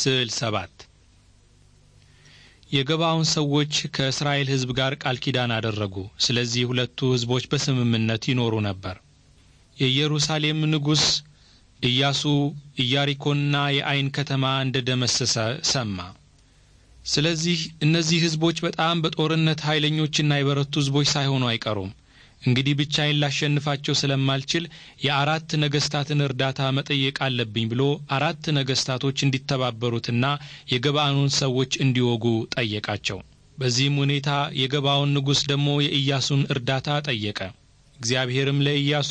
ስዕል ሰባት የገባውን ሰዎች ከእስራኤል ሕዝብ ጋር ቃል ኪዳን አደረጉ። ስለዚህ ሁለቱ ሕዝቦች በስምምነት ይኖሩ ነበር። የኢየሩሳሌም ንጉሥ ኢያሱ ኢያሪኮንና የአይን ከተማ እንደ ደመሰሰ ሰማ። ስለዚህ እነዚህ ሕዝቦች በጣም በጦርነት ኃይለኞችና የበረቱ ሕዝቦች ሳይሆኑ አይቀሩም። እንግዲህ ብቻዬን ላሸንፋቸው ስለማልችል የአራት ነገስታትን እርዳታ መጠየቅ አለብኝ ብሎ አራት ነገስታቶች እንዲተባበሩትና የገባዖንን ሰዎች እንዲወጉ ጠየቃቸው። በዚህም ሁኔታ የገባውን ንጉሥ ደግሞ የኢያሱን እርዳታ ጠየቀ። እግዚአብሔርም ለኢያሱ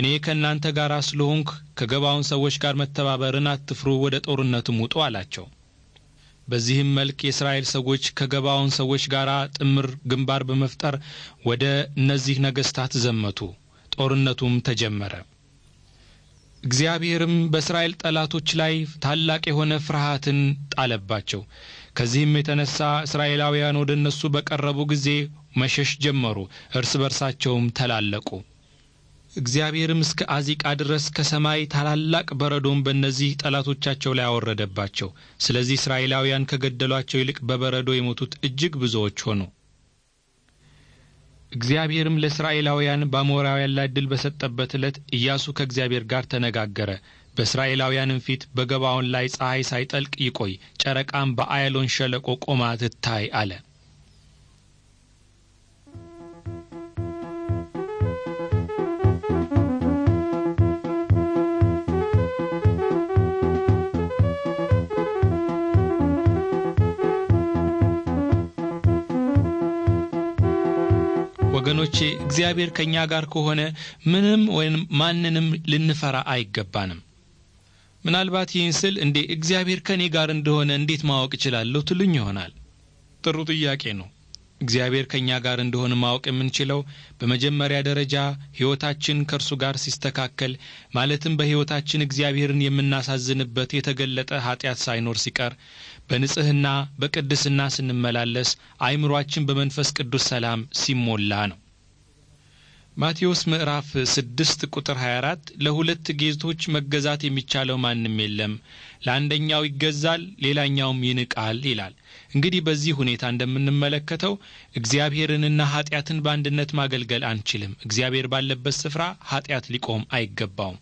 እኔ ከእናንተ ጋር ስለሆንክ ከገባውን ሰዎች ጋር መተባበርን አትፍሩ፣ ወደ ጦርነትም ውጡ አላቸው። በዚህም መልክ የእስራኤል ሰዎች ከገባውን ሰዎች ጋር ጥምር ግንባር በመፍጠር ወደ እነዚህ ነገሥታት ዘመቱ። ጦርነቱም ተጀመረ። እግዚአብሔርም በእስራኤል ጠላቶች ላይ ታላቅ የሆነ ፍርሃትን ጣለባቸው። ከዚህም የተነሳ እስራኤላውያን ወደ እነሱ በቀረቡ ጊዜ መሸሽ ጀመሩ፣ እርስ በርሳቸውም ተላለቁ። እግዚአብሔርም እስከ አዚቃ ድረስ ከሰማይ ታላላቅ በረዶም በእነዚህ ጠላቶቻቸው ላይ አወረደባቸው። ስለዚህ እስራኤላውያን ከገደሏቸው ይልቅ በበረዶ የሞቱት እጅግ ብዙዎች ሆኑ። እግዚአብሔርም ለእስራኤላውያን በአሞራውያን ላይ ድል በሰጠበት ዕለት ኢያሱ ከእግዚአብሔር ጋር ተነጋገረ። በእስራኤላውያንም ፊት በገባዖን ላይ ፀሐይ ሳይጠልቅ ይቆይ፣ ጨረቃም በአያሎን ሸለቆ ቆማ ትታይ አለ። ወገኖቼ እግዚአብሔር ከእኛ ጋር ከሆነ ምንም ወይም ማንንም ልንፈራ አይገባንም። ምናልባት ይህን ስል እንዴ እግዚአብሔር ከእኔ ጋር እንደሆነ እንዴት ማወቅ እችላለሁ ትሉኝ ይሆናል። ጥሩ ጥያቄ ነው። እግዚአብሔር ከእኛ ጋር እንደሆነ ማወቅ የምንችለው በመጀመሪያ ደረጃ ሕይወታችን ከእርሱ ጋር ሲስተካከል፣ ማለትም በሕይወታችን እግዚአብሔርን የምናሳዝንበት የተገለጠ ኀጢአት ሳይኖር ሲቀር፣ በንጽሕና በቅድስና ስንመላለስ፣ አይምሮአችን በመንፈስ ቅዱስ ሰላም ሲሞላ ነው። ማቴዎስ ምዕራፍ ስድስት ቁጥር 24 ለሁለት ጌቶች መገዛት የሚቻለው ማንም የለም፣ ለአንደኛው ይገዛል፣ ሌላኛውም ይንቃል ይላል። እንግዲህ በዚህ ሁኔታ እንደምንመለከተው እግዚአብሔርንና ኀጢአትን በአንድነት ማገልገል አንችልም። እግዚአብሔር ባለበት ስፍራ ኀጢአት ሊቆም አይገባውም።